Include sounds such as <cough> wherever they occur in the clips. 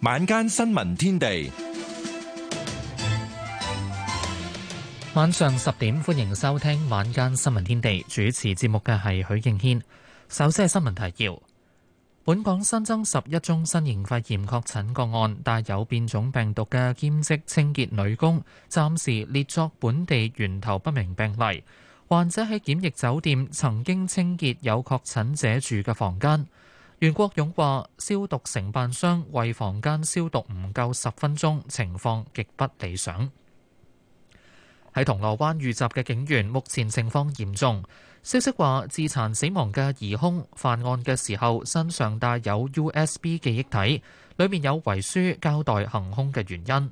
晚間新聞天地，晚上十點歡迎收聽晚間新聞天地。主持節目嘅係許敬軒。首先係新聞提要：本港新增十一宗新型肺炎確診個案，帶有變種病毒嘅兼職清潔女工，暫時列作本地源頭不明病例。患者喺檢疫酒店曾經清潔有確診者住嘅房間。袁國勇話：消毒承辦商為房間消毒唔夠十分鐘，情況極不理想。喺銅鑼灣遇襲嘅警員，目前情況嚴重。消息話自殘死亡嘅疑兇，犯案嘅時候身上帶有 USB 記憶體，裏面有遺書交代行兇嘅原因。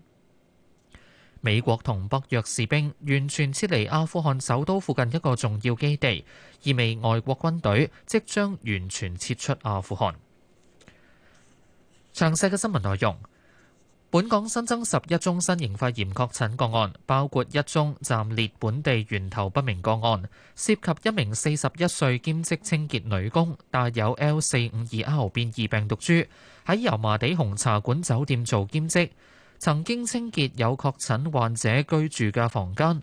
美國同北約士兵完全撤離阿富汗首都附近一個重要基地，意味外國軍隊即將完全撤出阿富汗。詳細嘅新聞內容：本港新增十一宗新型肺炎確診個案，包括一宗暫列本地源頭不明個案，涉及一名四十一歲兼職清潔女工，帶有 L 四五二 R 變異病毒株，喺油麻地紅茶館酒店做兼職。曾經清潔有確診患者居住嘅房間。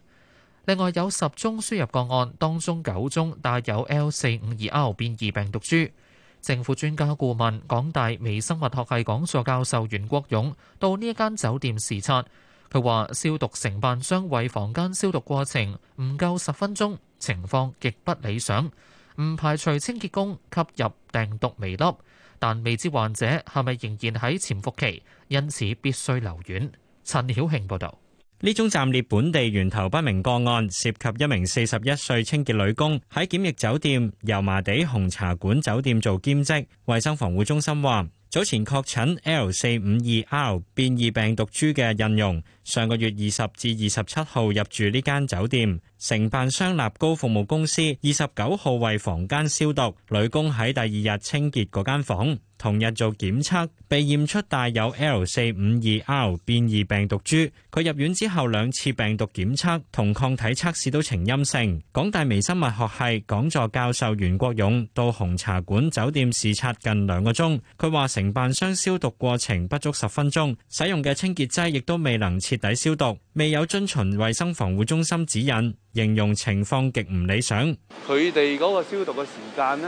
另外有十宗輸入個案，當中九宗帶有 L 四五二 R 變異病毒株。政府專家顧問、港大微生物學系講座教授袁國勇到呢間酒店視察，佢話：消毒承辦商為房間消毒過程唔夠十分鐘，情況極不理想，唔排除清潔工吸入病毒微粒。但未知患者係咪仍然喺潛伏期，因此必須留院。陳曉慶報導，呢宗暫列本地源頭不明個案，涉及一名四十一歲清潔女工喺檢疫酒店油麻地紅茶館酒店做兼職。衛生防護中心話，早前確診 L 四五二 R 變異病毒株嘅印傭，上個月二十至二十七號入住呢間酒店。承辦商立高服務公司二十九號為房間消毒，女工喺第二日清潔嗰間房，同日做檢測，被驗出帶有 L 四五二 R 變異病毒株。佢入院之後兩次病毒檢測同抗體測試都呈陰性。港大微生物學系講座教授袁國勇到紅茶館酒店視察近兩個鐘，佢話承辦商消毒過程不足十分鐘，使用嘅清潔劑亦都未能徹底消毒，未有遵循衛生防護中心指引。形容情況極唔理想，佢哋嗰個消毒嘅時間咧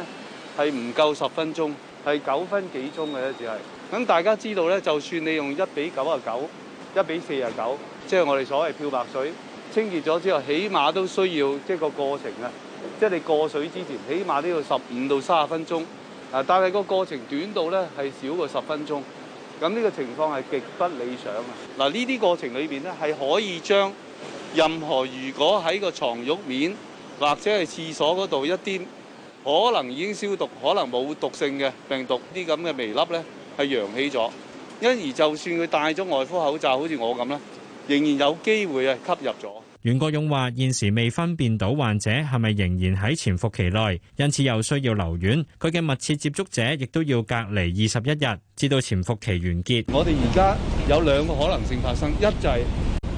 係唔夠十分鐘，係九分幾鐘嘅只係。咁大家知道咧，就算你用一比九啊九，一比四啊九，即係我哋所謂漂白水清潔咗之後，起碼都需要即係個過程啊，即係你過水之前，起碼都要十五到三十分鐘。啊，但係個過程短到咧係少過十分鐘，咁呢個情況係極不理想啊。嗱，呢啲過程裏邊咧係可以將。任何如果喺個牀褥面或者係廁所嗰度一啲可能已經消毒、可能冇毒性嘅病毒啲咁嘅微粒咧，係揚起咗。因而就算佢戴咗外科口罩，好似我咁咧，仍然有機會啊吸入咗。袁國勇話：現時未分辨到患者係咪仍然喺潛伏期內，因此又需要留院。佢嘅密切接觸者亦都要隔離二十一日，至到潛伏期完結。我哋而家有兩個可能性發生，一就係。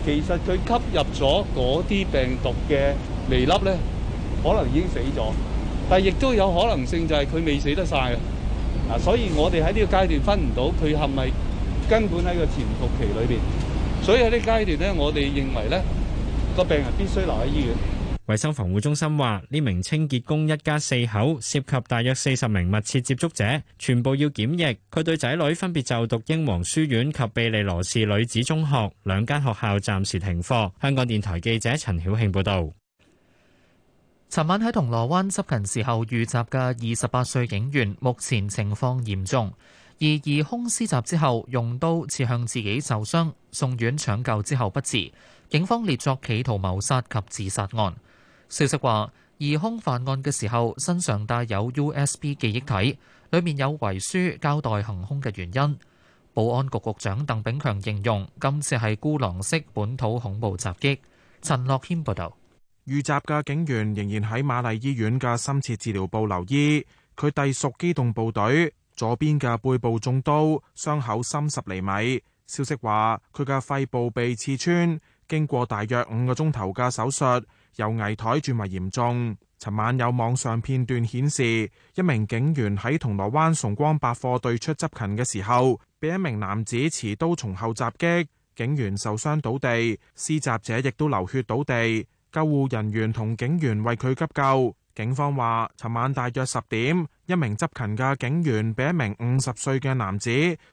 其實佢吸入咗嗰啲病毒嘅微粒咧，可能已經死咗，但係亦都有可能性就係佢未死得曬啊！所以我哋喺呢個階段分唔到佢係咪根本喺個潛伏期裏邊。所以喺呢個階段咧，我哋認為咧，個病人必須留喺醫院。衛生防護中心話，呢名清潔工一家四口涉及大約四十名密切接觸者，全部要檢疫。佢對仔女分別就讀英皇書院及庇理羅士女子中學兩間學校，暫時停課。香港電台記者陳曉慶報道。尋晚喺銅鑼灣執勤時候遇襲嘅二十八歲警員，目前情況嚴重。而疑兇施襲之後，用刀刺向自己受傷，送院搶救之後不治。警方列作企圖謀殺及自殺案。消息話，疑兇犯案嘅時候身上帶有 USB 記憶體，裡面有遺書交代行兇嘅原因。保安局局長鄧炳強形容今次係孤狼式本土恐怖襲擊。陳樂軒報導。遇襲嘅警員仍然喺瑪麗醫院嘅深切治療部留醫，佢隸屬機動部隊，左邊嘅背部中刀，傷口深十厘米。消息話，佢嘅肺部被刺穿，經過大約五個鐘頭嘅手術。由危殆轉為嚴重。尋晚有網上片段顯示，一名警員喺銅鑼灣崇光百貨對出執勤嘅時候，被一名男子持刀從後襲擊，警員受傷倒地，施襲者亦都流血倒地。救護人員同警員為佢急救。警方話，尋晚大約十點，一名執勤嘅警員被一名五十歲嘅男子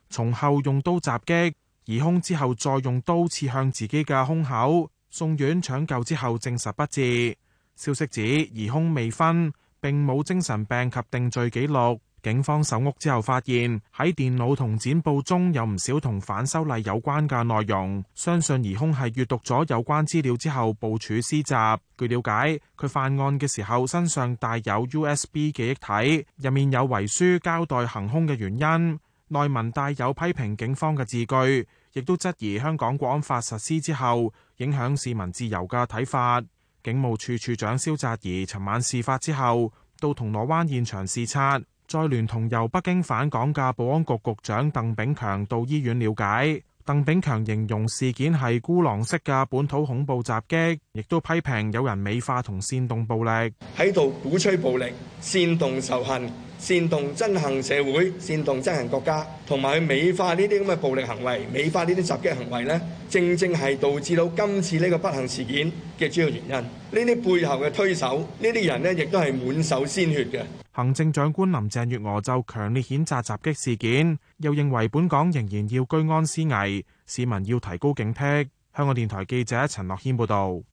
從後用刀襲擊，疑兇之後再用刀刺向自己嘅胸口。送院搶救之後證實不治。消息指疑兇未婚，並冇精神病及定罪記錄。警方搜屋之後發現喺電腦同剪報，中有唔少同反修例有關嘅內容，相信疑兇係閱讀咗有關資料之後部署施襲。據了解，佢犯案嘅時候身上帶有 U S B 記憶體，入面有遺書交代行兇嘅原因，內文帶有批評警方嘅字句，亦都質疑香港國安法實施之後。影響市民自由嘅睇法，警務處處長蕭澤頤尋晚事發之後到銅鑼灣現場視察，再聯同由北京返港嘅保安局局長鄧炳強到醫院了解。鄧炳強形容事件係孤狼式嘅本土恐怖襲擊，亦都批評有人美化同煽動暴力，喺度鼓吹暴力，煽動仇恨。煽動憎恨社會、煽動憎恨國家，同埋去美化呢啲咁嘅暴力行為、美化呢啲襲擊行為呢，正正係導致到今次呢個不幸事件嘅主要原因。呢啲背後嘅推手，呢啲人呢亦都係滿手鮮血嘅。行政長官林鄭月娥就強烈譴責襲擊事件，又認為本港仍然要居安思危，市民要提高警惕。香港電台記者陳樂軒報導。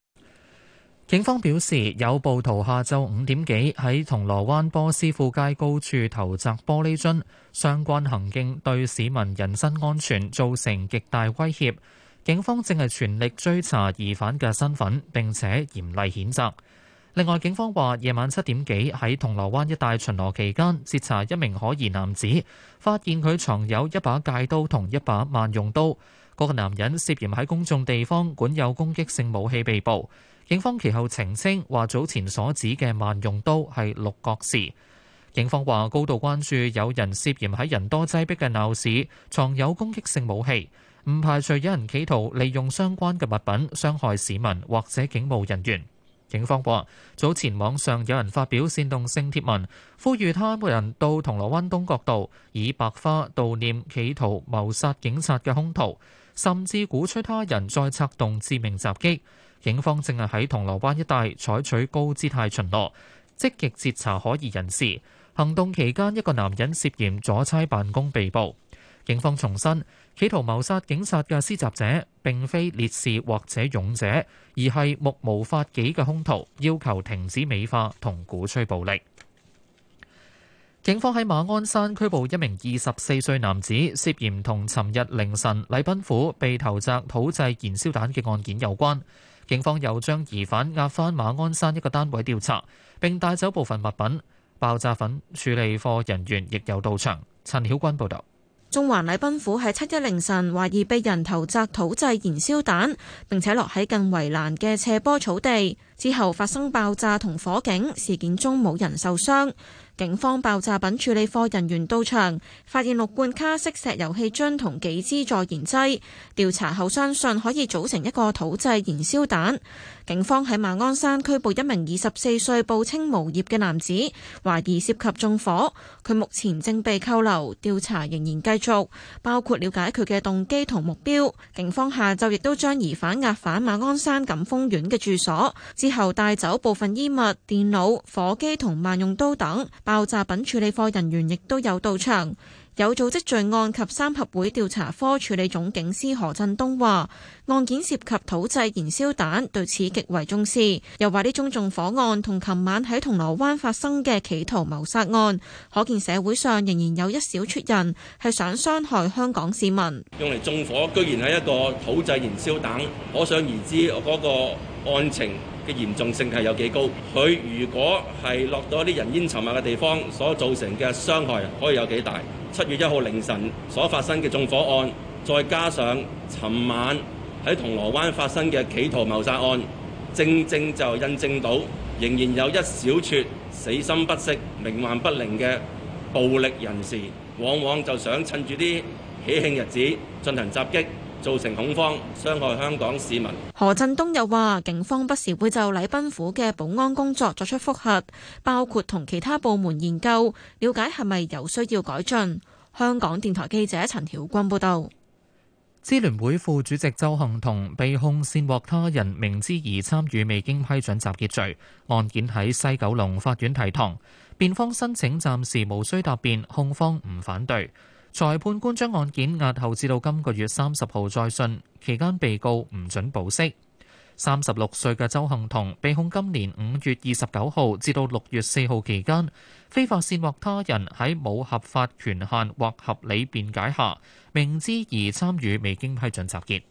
警方表示，有暴徒下晝五點幾喺銅鑼灣波斯富街高處投擲玻璃樽，相關行徑對市民人身安全造成極大威脅。警方正係全力追查疑犯嘅身份，並且嚴厲譴責。另外，警方話夜晚七點幾喺銅鑼灣一帶巡邏期間，截查一名可疑男子，發現佢藏有一把戒刀同一把萬用刀。嗰個男人涉嫌喺公眾地方管有攻擊性武器，被捕。警方其後澄清，話早前所指嘅萬用刀係六角匙。警方話高度關注有人涉嫌喺人多擠迫嘅鬧市藏有攻擊性武器，唔排除有人企圖利用相關嘅物品傷害市民或者警務人員。警方話早前網上有人發表煽動性貼文，呼籲他人到銅鑼灣東角道以白花悼念企圖謀殺警察嘅兇徒，甚至鼓吹他人再策動致命襲擊。警方正係喺銅鑼灣一帶採取高姿態巡邏，積極截查可疑人士。行動期間，一個男人涉嫌阻差辦公被捕。警方重申，企圖謀殺警察嘅施襲者並非烈士或者勇者，而係目無法紀嘅兇徒，要求停止美化同鼓吹暴力。警方喺馬鞍山拘捕一名二十四歲男子，涉嫌同尋日凌晨禮賓府被投擲土製燃燒彈嘅案件有關。警方又將疑犯押返馬鞍山一個單位調查，並帶走部分物品。爆炸品處理課人員亦有到場。陳曉君報導。中環禮賓府喺七一凌晨懷疑被人投擲土製燃燒彈，並且落喺近圍欄嘅斜坡草地，之後發生爆炸同火警，事件中冇人受傷。警方爆炸品處理課人員到場，發現六罐卡式石油氣樽同幾支助燃劑。調查後相信可以組成一個土製燃燒彈。警方喺馬鞍山拘捕一名二十四歲報稱無業嘅男子，懷疑涉及縱火。佢目前正被扣留，調查仍然繼續，包括了解佢嘅動機同目標。警方下晝亦都將疑犯押返馬鞍山錦豐苑嘅住所，之後帶走部分衣物、電腦、火機同萬用刀等。爆炸品處理課人員亦都有到場。有組織罪案及三合會調查科處理總警司何振東話：案件涉及土製燃燒彈，對此極為重視。又話呢宗縱火案同琴晚喺銅鑼灣發生嘅企圖謀殺案，可見社會上仍然有一小撮人係想傷害香港市民。用嚟縱火，居然係一個土製燃燒彈，可想而知嗰個案情嘅嚴重性係有幾高。佢如果係落到啲人煙稠密嘅地方，所造成嘅傷害可以有幾大。七月一號凌晨所發生嘅縱火案，再加上尋晚喺銅鑼灣發生嘅企圖謀殺案，正正就印證到仍然有一小撮死心不息、冥頑不靈嘅暴力人士，往往就想趁住啲喜慶日子進行襲擊。造成恐慌，傷害香港市民。何振東又話，警方不時會就禮賓府嘅保安工作作出複核，包括同其他部門研究，了解係咪有需要改進。香港電台記者陳曉君報道。支聯會副主席周幸彤被控煽惑他人明知而參與未經批准集結罪，案件喺西九龍法院提堂，辯方申請暫時無需答辯，控方唔反對。裁判官將案件押後至到今個月三十號再訊，期間被告唔准保釋。三十六歲嘅周幸彤被控今年五月二十九號至到六月四號期間，非法煽惑他人喺冇合法權限或合理辯解下，明知而參與未經批准集結。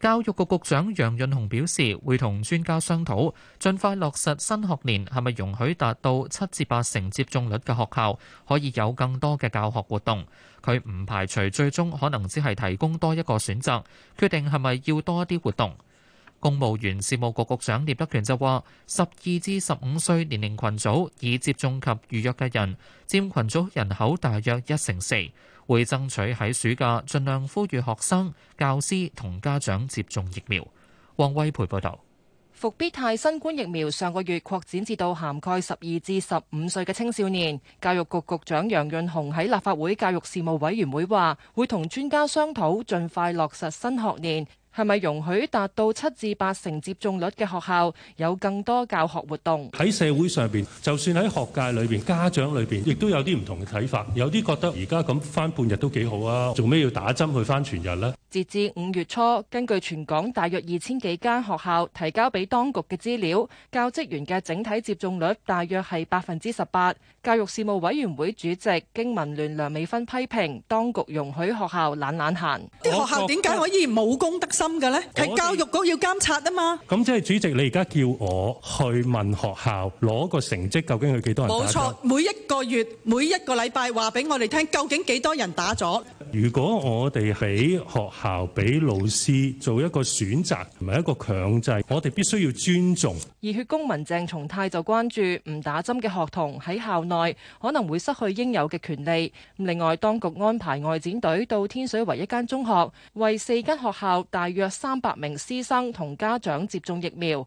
教育局局長楊潤雄表示，會同專家商討，盡快落實新學年係咪容許達到七至八成接種率嘅學校，可以有更多嘅教學活動。佢唔排除最終可能只係提供多一個選擇，決定係咪要多一啲活動。公務員事務局局局長聶德權就話，十二至十五歲年齡群組已接種及預約嘅人，佔群組人口大約一成四。會爭取喺暑假盡量呼籲學生、教師同家長接種疫苗。黃威培報道，伏必泰新冠疫苗上個月擴展至到涵蓋十二至十五歲嘅青少年。教育局局長楊潤雄喺立法會教育事務委員會話，會同專家商討盡快落實新學年。係咪容許達到七至八成接種率嘅學校有更多教學活動？喺社會上邊，就算喺學界裏邊、家長裏邊，亦都有啲唔同嘅睇法。有啲覺得而家咁返半日都幾好啊，做咩要打針去返全日咧？截至五月初，根據全港大約二千幾間學校提交俾當局嘅資料，教職員嘅整體接種率大約係百分之十八。教育事務委員會主席經民聯梁美芬批評當局容許學校懶懶閒，啲學校點解可以冇公德心嘅呢？係教育局要監察啊嘛。咁即係主席，你而家叫我去問學校攞個成績，究竟係幾多人？冇錯，每一個月每一個禮拜話俾我哋聽，究竟幾多人打咗？如果我哋喺學校俾老師做一個選擇同埋一個強制，我哋必須要尊重。熱血公民鄭松泰就關注唔打針嘅學童喺校內可能會失去應有嘅權利。另外，當局安排外展隊到天水圍一間中學，為四間學校大約三百名師生同家長接種疫苗。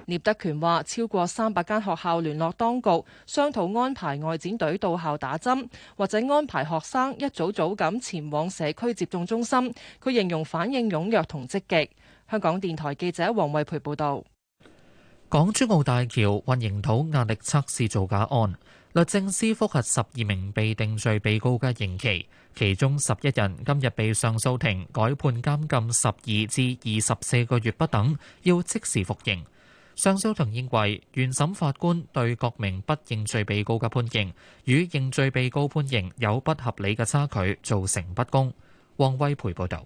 聶德權話，超過三百間學校聯絡當局，商討安排外展隊到校打針，或者安排學生一早早咁前往社區接種中心。佢形容反應踴躍同積極。香港電台記者黃慧培報道。港珠澳大橋混凝土壓力測試造假案，律政司複核十二名被定罪被告嘅刑期，其中十一人今日被上訴庭改判監禁十二至二十四個月不等，要即時服刑。上訴庭認為，原審法官對各名不認罪被告嘅判刑，與認罪被告判刑有不合理嘅差距，造成不公。王威培報導。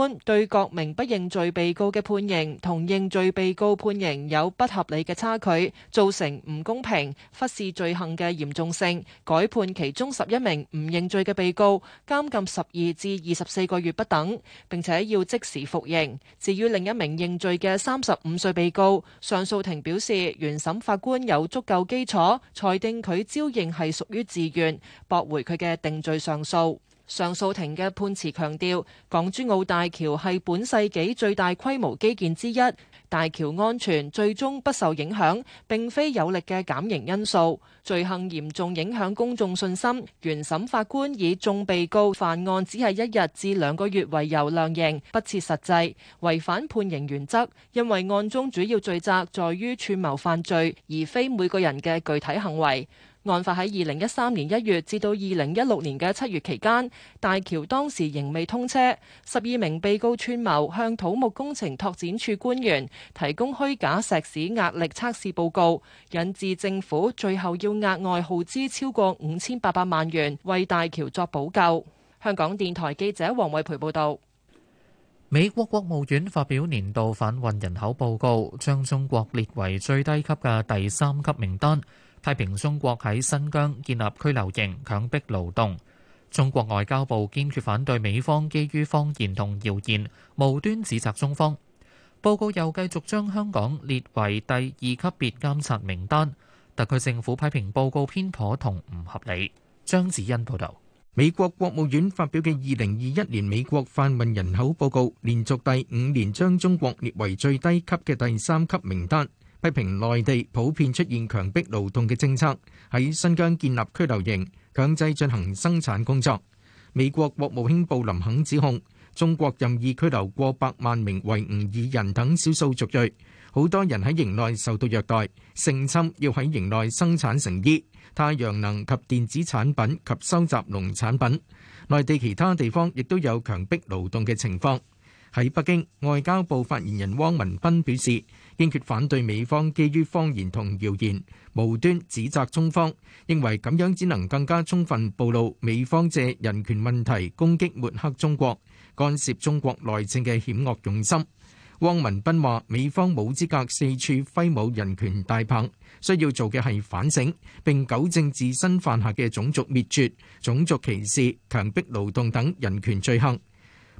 對各名不認罪被告嘅判刑同認罪被告判刑有不合理嘅差距，造成唔公平，忽視罪行嘅嚴重性。改判其中十一名唔認罪嘅被告監禁十二至二十四個月不等，並且要即時服刑。至於另一名認罪嘅三十五歲被告，上訴庭表示，原審法官有足夠基礎裁定佢招認係屬於自願，駁回佢嘅定罪上訴。上訴庭嘅判詞強調，港珠澳大橋係本世紀最大規模基建之一，大橋安全最終不受影響，並非有力嘅減刑因素。罪行嚴重影響公眾信心，原審法官以眾被告犯案只係一日至兩個月為由量刑，不切實際，違反判刑原則。因為案中主要罪責在於串謀犯罪，而非每個人嘅具體行為。案發喺二零一三年一月至到二零一六年嘅七月期間，大橋當時仍未通車。十二名被告串謀向土木工程拓展署官員提供虛假石屎壓力測試報告，引致政府最後要額外耗資超過五千八百萬元為大橋作補救。香港電台記者黃偉培報道。美國國務院發表年度販運人口報告，將中國列為最低級嘅第三級名單。批評中國喺新疆建立拘留營，強迫勞動。中國外交部堅決反對美方基於謊言同謠言無端指責中方。報告又繼續將香港列為第二級別監察名單。特區政府批評報告偏頗同唔合理。張子欣報導。美國國務院發表嘅2021年美國販運人口報告，連續第五年將中國列為最低級嘅第三級名單。批評內地普遍出現強迫勞動嘅政策，喺新疆建立拘留營，強制進行生產工作。美國國務卿布林肯指控中國任意拘留過百萬名維吾爾人等少數族裔，好多人喺營內受到虐待、性侵，要喺營內生產成衣、太陽能及電子產品及收集農產品。內地其他地方亦都有強迫勞動嘅情況。喺北京，外交部發言人汪文斌表示，堅決反對美方基於謊言同謠言無端指責中方，認為咁樣只能更加充分暴露美方借人權問題攻擊抹黑中國、干涉中國內政嘅險惡用心。汪文斌話：美方冇資格四處揮舞人權大棒，需要做嘅係反省並糾正自身犯下嘅種族滅絕、種族歧視、強迫勞動等人權罪行。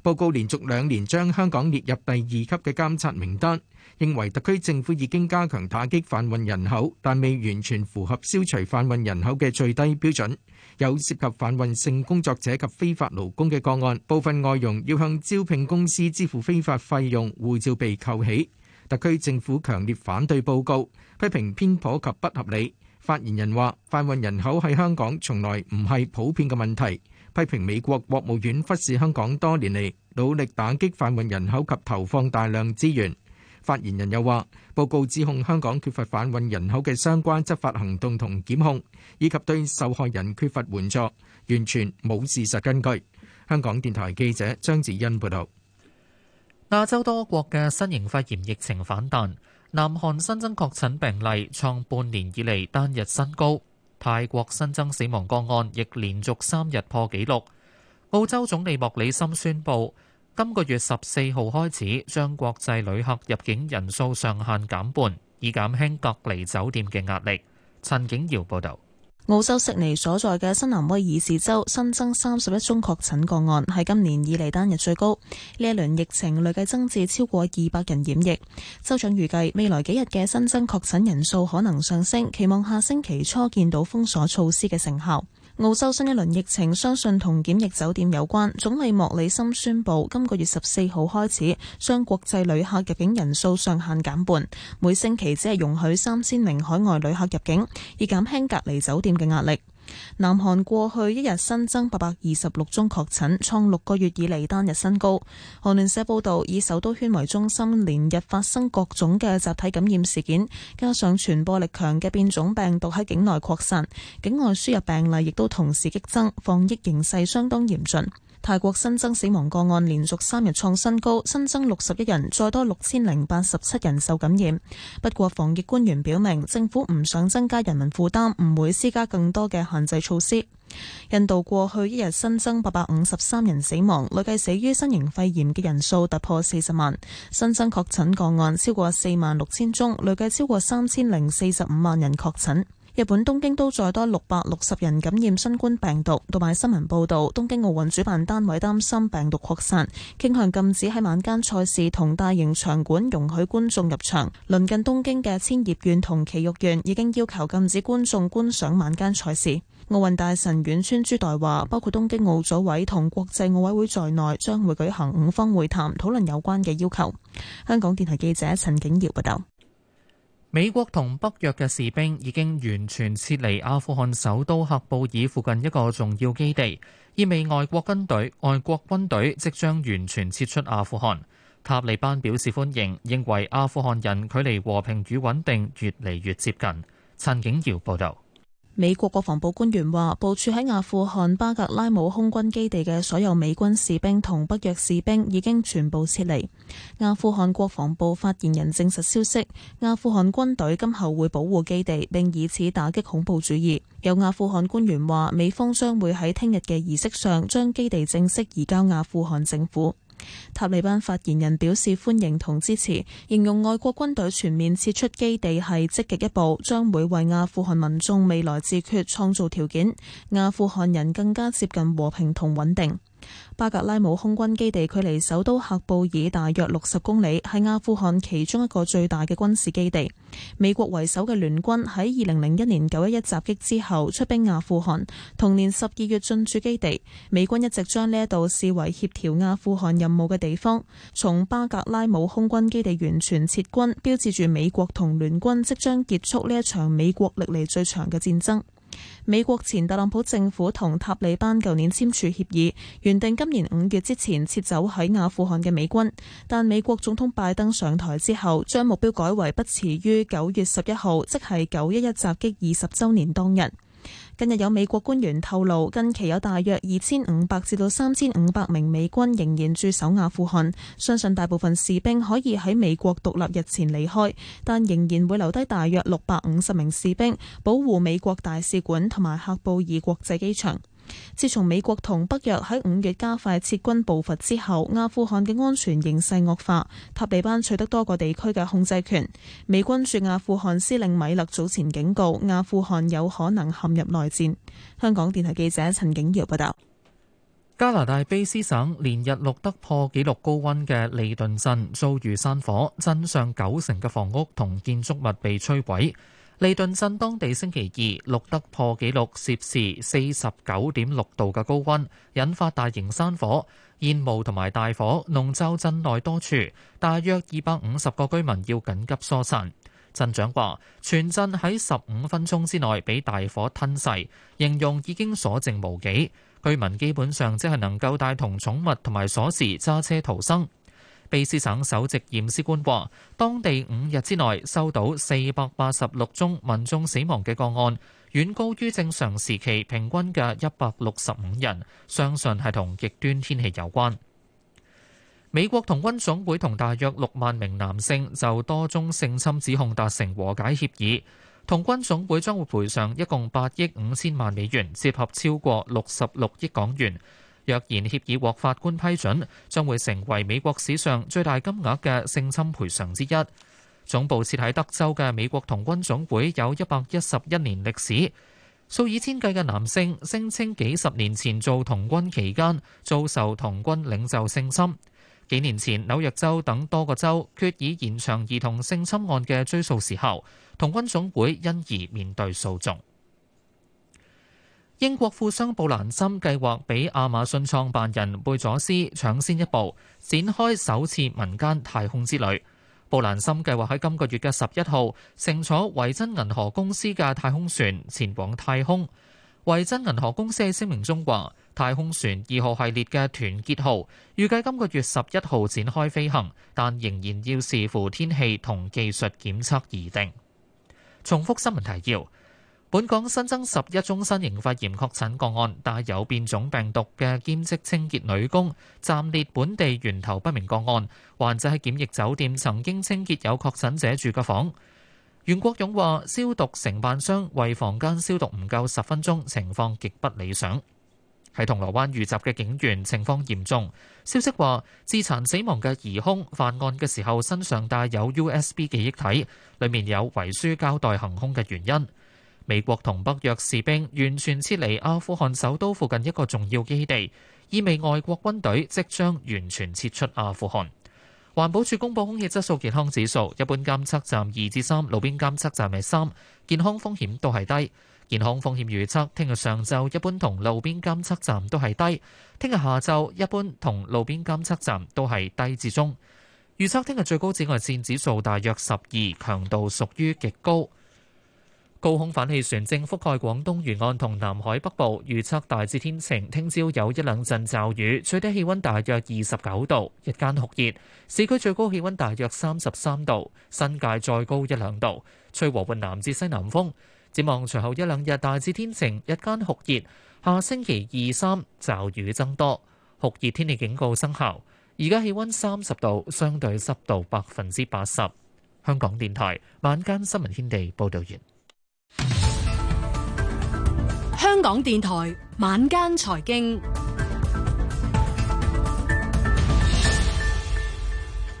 報告連續兩年將香港列入第二級嘅監察名單，認為特區政府已經加強打擊販運人口，但未完全符合消除販運人口嘅最低標準。有涉及販運性工作者及非法勞工嘅個案，部分外傭要向招聘公司支付非法費用，護照被扣起。特區政府強烈反對報告，批評偏頗及不合理。發言人話：販運人口喺香港從來唔係普遍嘅問題。批評美國國務院忽視香港多年嚟，努力打擊販運人口及投放大量資源。發言人又話，報告指控香港缺乏販運人口嘅相關執法行動同檢控，以及對受害人缺乏援助，完全冇事實根據。香港電台記者張子欣報道。亞洲多國嘅新型肺炎疫情反彈，南韓新增確診病例創半年以嚟單日新高。泰國新增死亡個案亦連續三日破紀錄。澳洲總理莫里森宣布，今個月十四號開始，將國際旅客入境人數上限減半，以減輕隔離酒店嘅壓力。陳景堯報道。澳洲悉尼所在嘅新南威爾士州新增三十一宗確診個案，係今年以嚟單日最高。呢一輪疫情累計增至超過二百人染疫。州長預計未來幾日嘅新增確診人數可能上升，期望下星期初見到封鎖措施嘅成效。澳洲新一輪疫情相信同檢疫酒店有關。總理莫里森宣布，今個月十四號開始，將國際旅客入境人數上限減半，每星期只係容許三千名海外旅客入境，以減輕隔離酒店嘅壓力。南韓過去一日新增八百二十六宗確診，創六個月以嚟單日新高。韓聯社報道，以首都圈為中心，連日發生各種嘅集體感染事件，加上傳播力強嘅變種病毒喺境內擴散，境外輸入病例亦都同時激增，防疫形勢相當嚴峻。泰國新增死亡個案連續三日創新高，新增六十一人，再多六千零八十七人受感染。不過防疫官員表明，政府唔想增加人民負擔，唔會施加更多嘅限制措施。印度過去一日新增八百五十三人死亡，累計死於新型肺炎嘅人數突破四十萬，新增確診個案超過四萬六千宗，累計超過三千零四十五萬人確診。日本東京都再多六百六十人感染新冠病毒，同埋新聞報導，東京奧運主辦單位擔心病毒擴散，傾向禁止喺晚間賽事同大型場館容許觀眾入場。鄰近東京嘅千葉縣同埼玉縣已經要求禁止觀眾觀賞晚間賽事。奧運大臣丸川珠代話，包括東京奧組委同國際奧委會在內，將會舉行五方會談，討論有關嘅要求。香港電台記者陳景堯報道。美國同北約嘅士兵已經完全撤離阿富汗首都喀布爾附近一個重要基地，意味外國軍隊、外國軍隊即將完全撤出阿富汗。塔利班表示歡迎，認為阿富汗人距離和平與穩定越嚟越接近。陳景堯報道。美國國防部官員話，部署喺阿富汗巴格拉姆空軍基地嘅所有美軍士兵同北約士兵已經全部撤離。阿富汗國防部發言人證實消息，阿富汗軍隊今後會保護基地，並以此打擊恐怖主義。有阿富汗官員話，美方將會喺聽日嘅儀式上將基地正式移交阿富汗政府。塔利班發言人表示歡迎同支持，形容外國軍隊全面撤出基地係積極一步，將會為阿富汗民眾未來自決創造條件，阿富汗人更加接近和平同穩定。巴格拉姆空軍基地距離首都喀布爾大約六十公里，係阿富汗其中一個最大嘅軍事基地。美國為首嘅聯軍喺二零零一年九一一襲擊之後出兵阿富汗，同年十二月進駐基地。美軍一直將呢一度視為協調阿富汗任務嘅地方。從巴格拉姆空軍基地完全撤軍，標誌住美國同聯軍即將結束呢一場美國歷嚟最長嘅戰爭。美國前特朗普政府同塔利班舊年簽署協議，原定今年五月之前撤走喺阿富汗嘅美軍，但美國總統拜登上台之後，將目標改為不遲於九月十一號，即係九一一襲擊二十週年當日。近日有美國官員透露，近期有大約二千五百至到三千五百名美軍仍然駐守阿富汗，相信大部分士兵可以喺美國獨立日前離開，但仍然會留低大約六百五十名士兵，保護美國大使館同埋喀布爾國際機場。自從美國同北約喺五月加快撤軍步伐之後，阿富汗嘅安全形勢惡化，塔利班取得多個地區嘅控制權。美軍駐阿富汗司令米勒早前警告，阿富汗有可能陷入內戰。香港電台記者陳景堯報道：加拿大卑斯省連日錄得破紀錄高温嘅利頓鎮遭遇山火，鎮上九成嘅房屋同建築物被摧毀。利頓鎮當地星期二錄得破紀錄攝氏四十九點六度嘅高溫，引發大型山火，煙霧同埋大火籠罩鎮內多處，大約二百五十個居民要緊急疏散。鎮長話，全鎮喺十五分鐘之內被大火吞噬，形容已經所剩無幾，居民基本上只係能夠帶同寵物同埋鎖匙，揸車，車逃生。卑詩省首席驗屍官話，當地五日之內收到四百八十六宗民眾死亡嘅個案，遠高於正常時期平均嘅一百六十五人，相信係同極端天氣有關。美國童軍總會同大約六萬名男性就多宗性侵指控達成和解協議，童軍總會將會賠償一共八億五千萬美元，折合超過六十六億港元。若然協議獲法官批准，將會成為美國史上最大金額嘅性侵賠償之一。總部設喺德州嘅美國童軍總會有一百一十一年歷史，數以千計嘅男性聲稱幾十年前做童軍期間遭受童軍領袖性侵。幾年前紐約州等多個州決意延長兒童性侵案嘅追訴時效，童軍總會因而面對訴訟。英國富商布蘭森計劃畀亞馬遜創辦人貝佐斯搶先一步展開首次民間太空之旅。布蘭森計劃喺今個月嘅十一號乘坐維珍銀河公司嘅太空船前往太空。維珍銀河公司喺聲明中話，太空船二號系列嘅團結號預計今個月十一號展開飛行，但仍然要視乎天氣同技術檢測而定。重複新聞提要。本港新增十一宗新型肺炎確診個案，帶有變種病毒嘅兼職清潔女工暫列本地源頭不明個案。患者喺檢疫酒店曾經清潔有確診者住嘅房。袁國勇話消毒承辦商為房間消毒唔夠十分鐘，情況極不理想。喺銅鑼灣遇襲嘅警員情況嚴重。消息話自殘死亡嘅疑兇犯案嘅時候身上帶有 USB 記憶體，裏面有遺書交代行兇嘅原因。美國同北約士兵完全撤離阿富汗首都附近一個重要基地，意味外國軍隊即將完全撤出阿富汗。環保署公布空氣質素健康指數，一般監測站二至三，路邊監測站係三，健康風險都係低。健康風險預測，聽日上晝一般同路邊監測站都係低，聽日下晝一般同路邊監測站都係低至中。預測聽日最高紫外線指數大約十二，強度屬於極高。高空反氣旋正覆蓋廣東沿岸同南海北部，預測大致天晴，聽朝有一兩陣驟雨，最低氣溫大約二十九度，日間酷熱，市區最高氣溫大約三十三度，新界再高一兩度，吹和緩南至西南風。展望隨後一兩日大致天晴，日間酷熱，下星期二三驟雨增多，酷熱天氣警告生效。而家氣溫三十度，相對濕度百分之八十。香港電台晚間新聞天地報導，報道完。香港電台晚間財經，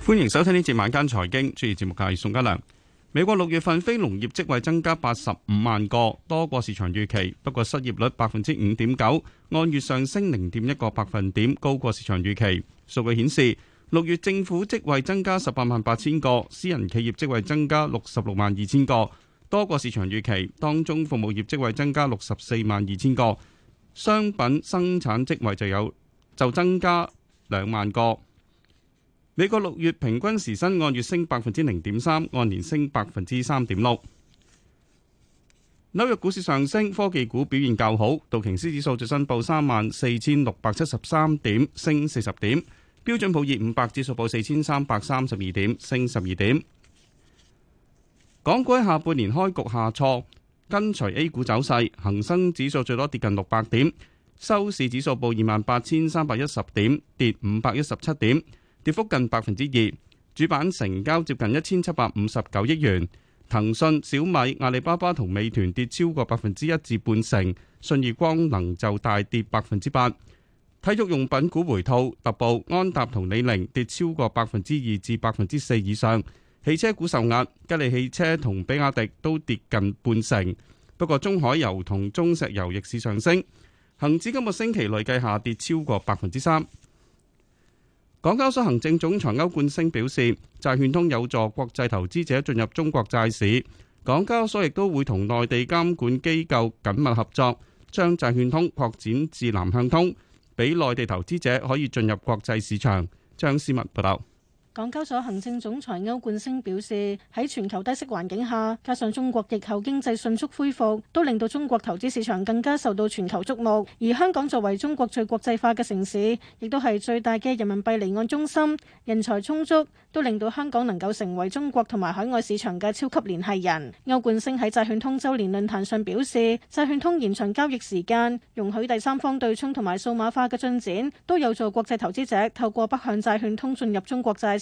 歡迎收聽呢節晚間財經。主持節目嘅係宋家良。美國六月份非農業職位增加八十五萬個，多過市場預期。不過失業率百分之五點九，按月上升零點一個百分點，高過市場預期。數據顯示，六月政府職位增加十八萬八千個，私人企業職位增加六十六萬二千個。多過市場預期，當中服務業職位增加六十四萬二千個，商品生產職位就有就增加兩萬個。美國六月平均時薪按月升百分之零點三，按年升百分之三點六。紐約股市上升，科技股表現較好，道瓊斯指數最新報三萬四千六百七十三點，升四十點；標準普爾五百指數報四千三百三十二點，升十二點。港股下半年開局下挫，跟隨 A 股走勢，恒生指數最多跌近六百點，收市指數報二萬八千三百一十點，跌五百一十七點，跌幅近百分之二。主板成交接近一千七百五十九億元。騰訊、小米、阿里巴巴同美團跌超過百分之一至半成，信義光能就大跌百分之八。體育用品股回吐，特步、安踏同李寧跌超過百分之二至百分之四以上。汽車股受壓，吉利汽車同比亞迪都跌近半成。不過中海油同中石油逆市上升，恒指今個星期累計下跌超過百分之三。港交所行政總裁歐冠昇表示，債券通有助國際投資者進入中國債市，港交所亦都會同內地監管機構緊密合作，將債券通擴展至南向通，俾內地投資者可以進入國際市場。張思密報道。港交所行政總裁歐冠升表示，喺全球低息環境下，加上中國疫後經濟迅速恢復，都令到中國投資市場更加受到全球矚目。而香港作為中國最國際化嘅城市，亦都係最大嘅人民幣離岸中心，人才充足，都令到香港能夠成為中國同埋海外市場嘅超級聯繫人。歐冠升喺債券通周年論壇上表示，債券通延長交易時間，容許第三方對沖同埋數碼化嘅進展，都有助國際投資者透過北向債券通進入中國債。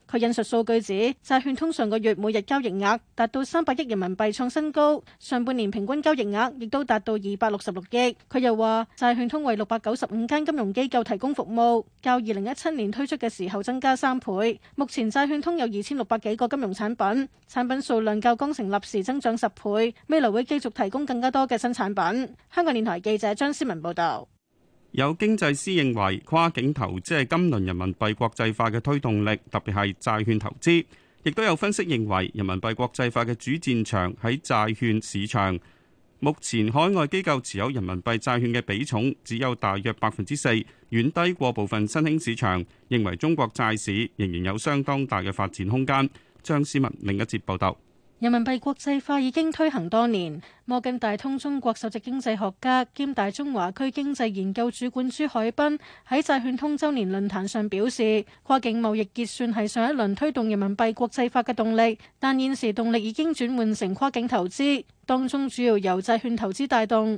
佢引述數據指，債券通上個月每日交易額達到三百億人民幣創新高，上半年平均交易額亦都達到二百六十六億。佢又話，債券通為六百九十五間金融機構提供服務，較二零一七年推出嘅時候增加三倍。目前債券通有二千六百幾個金融產品，產品數量較剛成立時增長十倍，未來會繼續提供更加多嘅新產品。香港電台記者張思文報道。有經濟師認為跨境投資係今輪人民幣國際化嘅推動力，特別係債券投資。亦都有分析認為，人民幣國際化嘅主戰場喺債券市場。目前海外機構持有人民幣債券嘅比重只有大約百分之四，遠低過部分新興市場。認為中國債市仍然有相當大嘅發展空間。張思文另一節報道。人民幣國際化已經推行多年。摩根大通中國首席經濟學家兼大中華區經濟研究主管朱海斌喺債券通周年論壇上表示，跨境貿易結算係上一輪推動人民幣國際化嘅動力，但現時動力已經轉換成跨境投資，當中主要由債券投資帶動。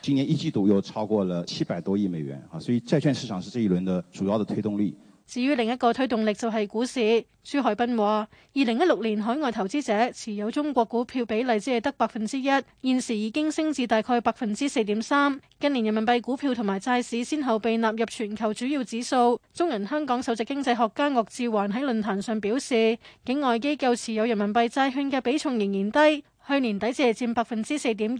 今年一季度又超過了七百多億美元啊！所以債券市場是這一輪的主要的推動力。至於另一個推動力就係股市。朱海斌話，二零一六年海外投資者持有中國股票比例只係得百分之一，現時已經升至大概百分之四點三。今年人民幣股票同埋債市先後被納入全球主要指數，中銀香港首席經濟學家岳志環喺論壇上表示，境外機構持有人民幣債券嘅比重仍然低。去年底只係佔百分之四點二，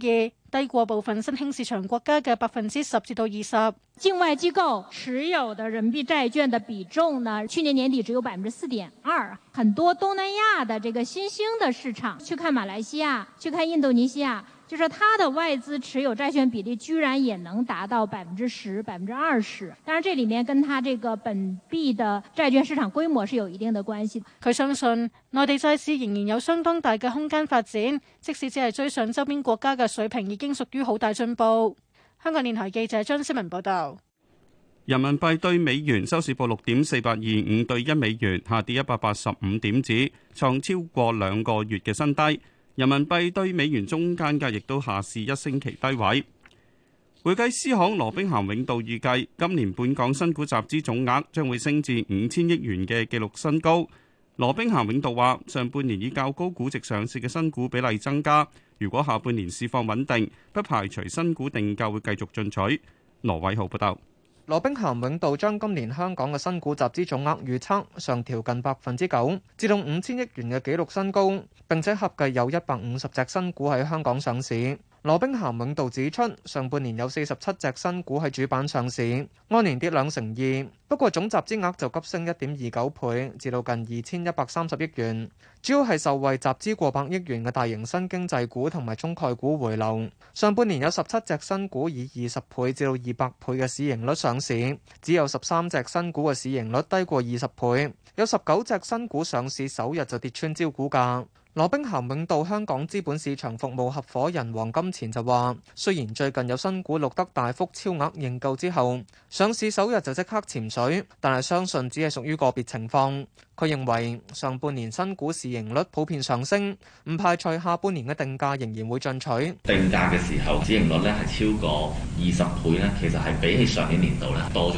低過部分新興市場國家嘅百分之十至到二十。境外機構持有的人民幣債券的比重呢？去年年底只有百分之四點二，很多東南亞的這個新興的市場，去看馬來西亞，去看印度尼西亞。就是他的外資持有債券比例居然也能達到百分之十、百分之二十，當然這裏面跟他這個本幣的債券市場規模是有一定的關係。佢相信內地債市仍然有相當大嘅空間發展，即使只係追上周邊國家嘅水平，已經屬於好大進步。香港電台記者張思文報道。人民幣兌美元收市報六點四八二五兌一美元，下跌一百八十五點子，創超過兩個月嘅新低。人民幣對美元中間價亦都下試一星期低位。會計師行羅兵咸永道預計，今年本港新股集資總額將會升至五千億元嘅紀錄新高。羅兵咸永道話：上半年以較高估值上市嘅新股比例增加，如果下半年市況穩定，不排除新股定價會繼續進取。羅偉浩報導。羅兵咸永道將今年香港嘅新股集資總額預測上調近百分之九，至到五千億元嘅紀錄新高，並且合計有一百五十隻新股喺香港上市。.羅兵咸永道指出，上半年有四十七隻新股喺主板上市，按年跌兩成二，不過總集資額就急升一點二九倍，至到近二千一百三十億元。主要係受惠集資過百億元嘅大型新經濟股同埋中概股回流。上半年有十七隻新股以二十倍至到二百倍嘅市盈率上市，只有十三隻新股嘅市盈率低過二十倍，有十九隻新股上市首日就跌穿招股價。羅兵咸永道香港資本市場服務合夥人黃金前就話，雖然最近有新股錄得大幅超額認購之後，上市首日就即刻潛水，但係相信只係屬於個別情況。佢認為上半年新股市盈率普遍上升，唔排除下半年嘅定價仍然會進取。定價嘅時候，市盈率咧係超過二十倍咧，其實係比起上年年度咧多咗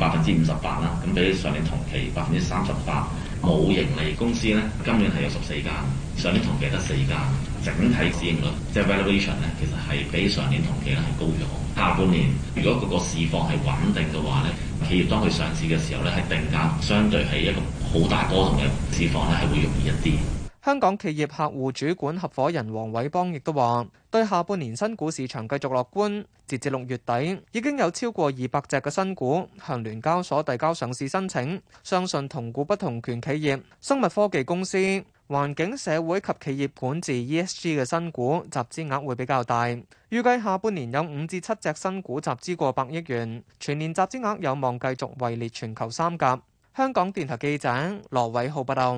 百分之五十八啦，咁比上年同期百分之三十八。冇盈利公司呢，今年係有十四間，上年同期得四間。整體市盈率，即係 valuation 呢，其實係比上年同期咧係高咗。下半年如果個個市況係穩定嘅話呢，企業當佢上市嘅時候呢，係定價相對係一個好大波動嘅市況呢，係會容易一啲。香港企業客戶主管合夥人黃偉邦亦都話對下半年新股市場繼續樂觀，截至六月底，已經有超過二百隻嘅新股向聯交所遞交上市申請，相信同股不同權企業生物科技公司、環境社會及企業管治 （ESG） 嘅新股集資額會比較大。預計下半年有五至七隻新股集資過百億元，全年集資額有望繼續位列全球三甲。香港電台記者羅偉浩報道。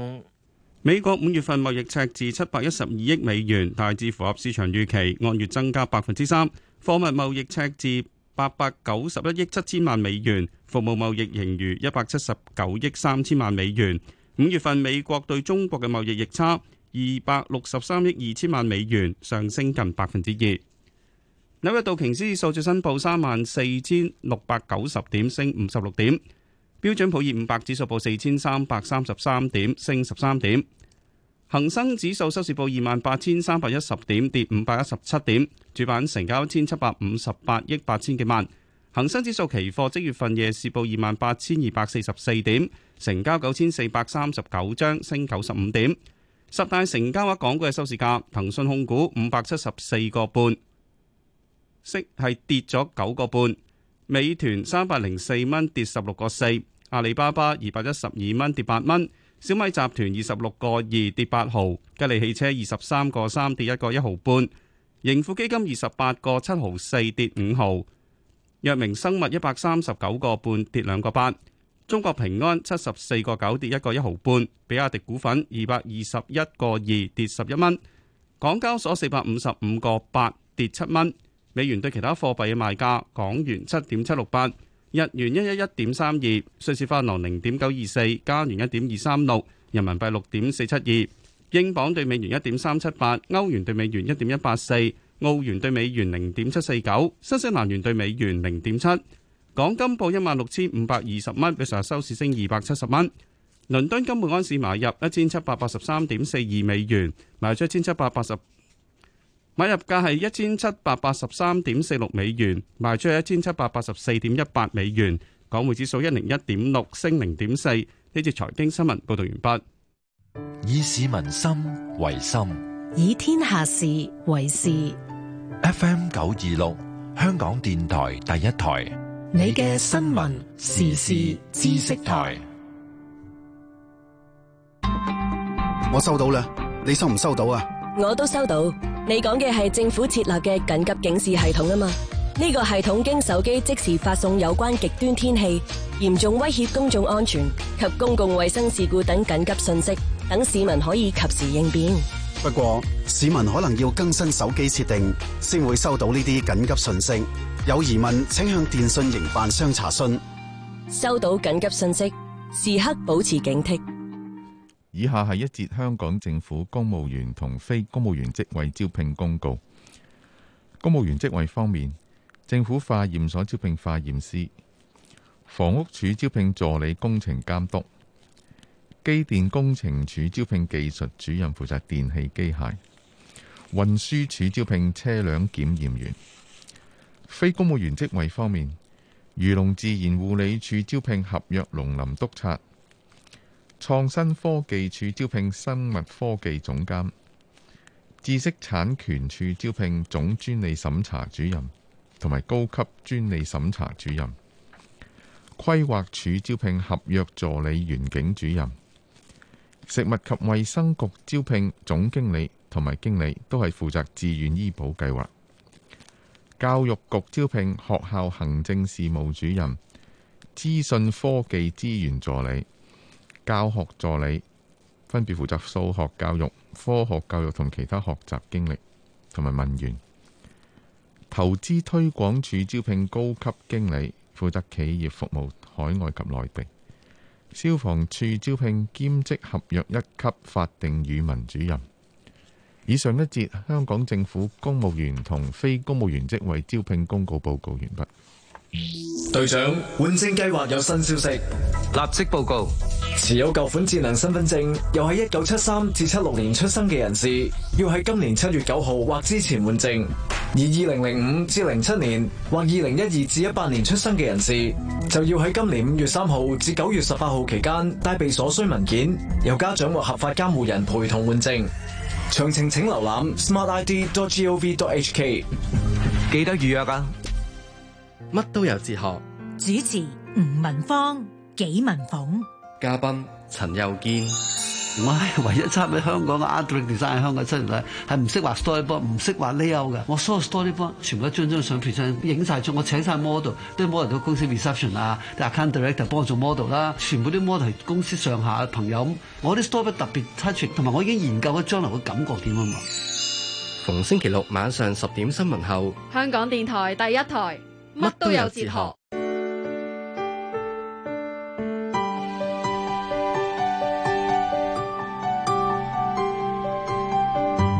美國五月份貿易赤字七百一十二億美元，大致符合市場預期，按月增加百分之三。貨物貿易赤字八百九十一億七千萬美元，服務貿易盈餘一百七十九億三千萬美元。五月份美國對中國嘅貿易逆差二百六十三億二千萬美元，上升近百分之二。紐約道瓊斯數據最新報三萬四千六百九十點，升五十六點。標準普爾五百指數報四千三百三十三點，升十三點。恒生指數收市報二萬八千三百一十點，跌五百一十七點。主板成交一千七百五十八億八千幾萬。恒生指數期貨即月份夜市報二萬八千二百四十四點，成交九千四百三十九張，升九十五點。十大成交額港股嘅收市價，騰訊控股五百七十四個半，息係跌咗九個半。美團三百零四蚊跌十六個四，阿里巴巴二百一十二蚊跌八蚊，小米集團二十六個二跌八毫，吉利汽車二十三個三跌一個一毫半，盈富基金二十八個七毫四跌五毫，藥明生物一百三十九個半跌兩個八，中國平安七十四個九跌一個一毫半，比亞迪股份二百二十一個二跌十一蚊，港交所四百五十五個八跌七蚊。美元對其他貨幣嘅賣價：港元七點七六八，日元一一一點三二，瑞士法郎零點九二四，加元一點二三六，人民幣六點四七二，英鎊兌美元一點三七八，歐元兌美元一點一八四，澳元兌美元零點七四九，新西蘭元兌美元零點七。港金報一萬六千五百二十蚊，比上日收市升二百七十蚊。倫敦金每安士買入一千七百八十三點四二美元，賣出一千七百八十。買入價係一千七百八十三點四六美元，賣出去一千七百八十四點一八美元。港匯指數一零一點六，升零點四。呢節財經新聞報道完畢。以市民心為心，以天下事為事。FM 九二六，香港電台第一台。你嘅新聞時事知識台，我收到啦，你收唔收到啊？我都收到，你講嘅係政府設立嘅緊急警示系統啊嘛？呢個系統經手機即時發送有關極端天氣、嚴重威脅公眾安全及公共衛生事故等緊急信息，等市民可以及時應變。不過，市民可能要更新手機設定，先會收到呢啲緊急信息。有疑問，請向電信營辦商查詢。收到緊急信息，時刻保持警惕。以下係一節香港政府公務員同非公務員職位招聘公告。公務員職位方面，政府化驗所招聘化驗師，房屋署招聘助理工程監督，機電工程署招聘技術主任，負責電氣機械，運輸署招聘車輛檢驗員。非公務員職位方面，漁農自然護理署招聘合約農林督察。創新科技處招聘生物科技總監，知識產權處招聘總專利審查主任同埋高級專利審查主任，規劃處招聘合約助理園景主任，食物及衛生局招聘總經理同埋經理，都係負責自願醫保計劃。教育局招聘學校行政事務主任，資訊科技資源助理。教學助理分別負責數學教育、科學教育同其他學習經歷，同埋文員。投資推廣處招聘高級經理，負責企業服務海外及內地。消防處招聘兼職合約一級法定語文主任。以上一節香港政府公務員同非公務員職位招聘公告報告完畢。隊長，換證計劃有新消息，立即報告。持有舊款智能身份證又喺一九七三至七六年出生嘅人士，要喺今年七月九號或之前換證；而二零零五至零七年或二零一二至一八年出生嘅人士，就要喺今年五月三號至九月十八號期間帶備所需文件，由家長或合法監護人陪同換證。詳情請瀏覽 smartid.gov.hk。Sm 記得預約啊！乜都有哲學。主持吳文芳、紀文鳳。嘉賓陳幼堅，我係唯一參加喺香港嘅 Adrienne，但係香港出唔到，係唔識畫 Storyboard，唔識畫 layout 嘅。我所有 Storyboard 全部都張張相片上影晒咗。我請晒 model，啲 model 都公司 reception 啊，啲 account director 幫我做 model 啦，全部啲 model 係公司上下嘅朋友。我啲 story 特別 touch，同埋我已經研究咗將來嘅感覺點啊嘛。逢星期六晚上十點新聞後，香港電台第一台乜都有哲學。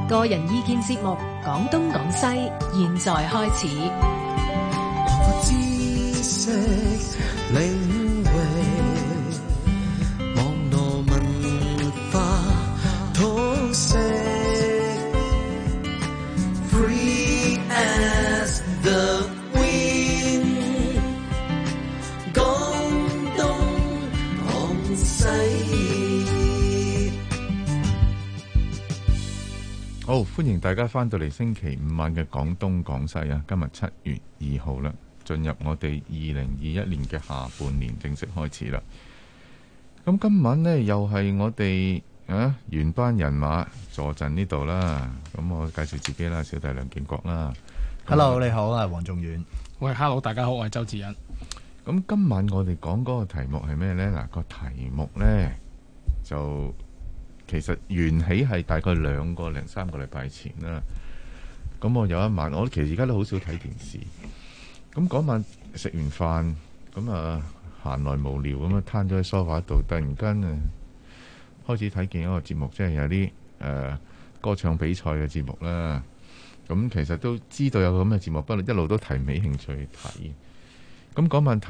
個人意見節目，講東講西，現在開始。 <music> 大家翻到嚟星期五晚嘅廣東廣西啊，今日七月二號啦，進入我哋二零二一年嘅下半年正式開始啦。咁今晚呢，又係我哋啊原班人馬坐鎮呢度啦。咁我介紹自己啦，小弟梁建國啦。Hello，那你好啊，黃仲遠。喂、hey，Hello，大家好，我係周志恩。咁今晚我哋講嗰個題目係咩呢？嗱、那，個題目呢就。其實緣起係大概兩個零三個禮拜前啦，咁我有一晚，我其實而家都好少睇電視，咁晚食完飯咁啊閒來無聊咁啊攤咗喺梳化度，突然間啊開始睇見一個節目，即係有啲誒歌唱比賽嘅節目啦。咁其實都知道有個咁嘅節目，不過一路都提唔起興趣去睇。咁晚。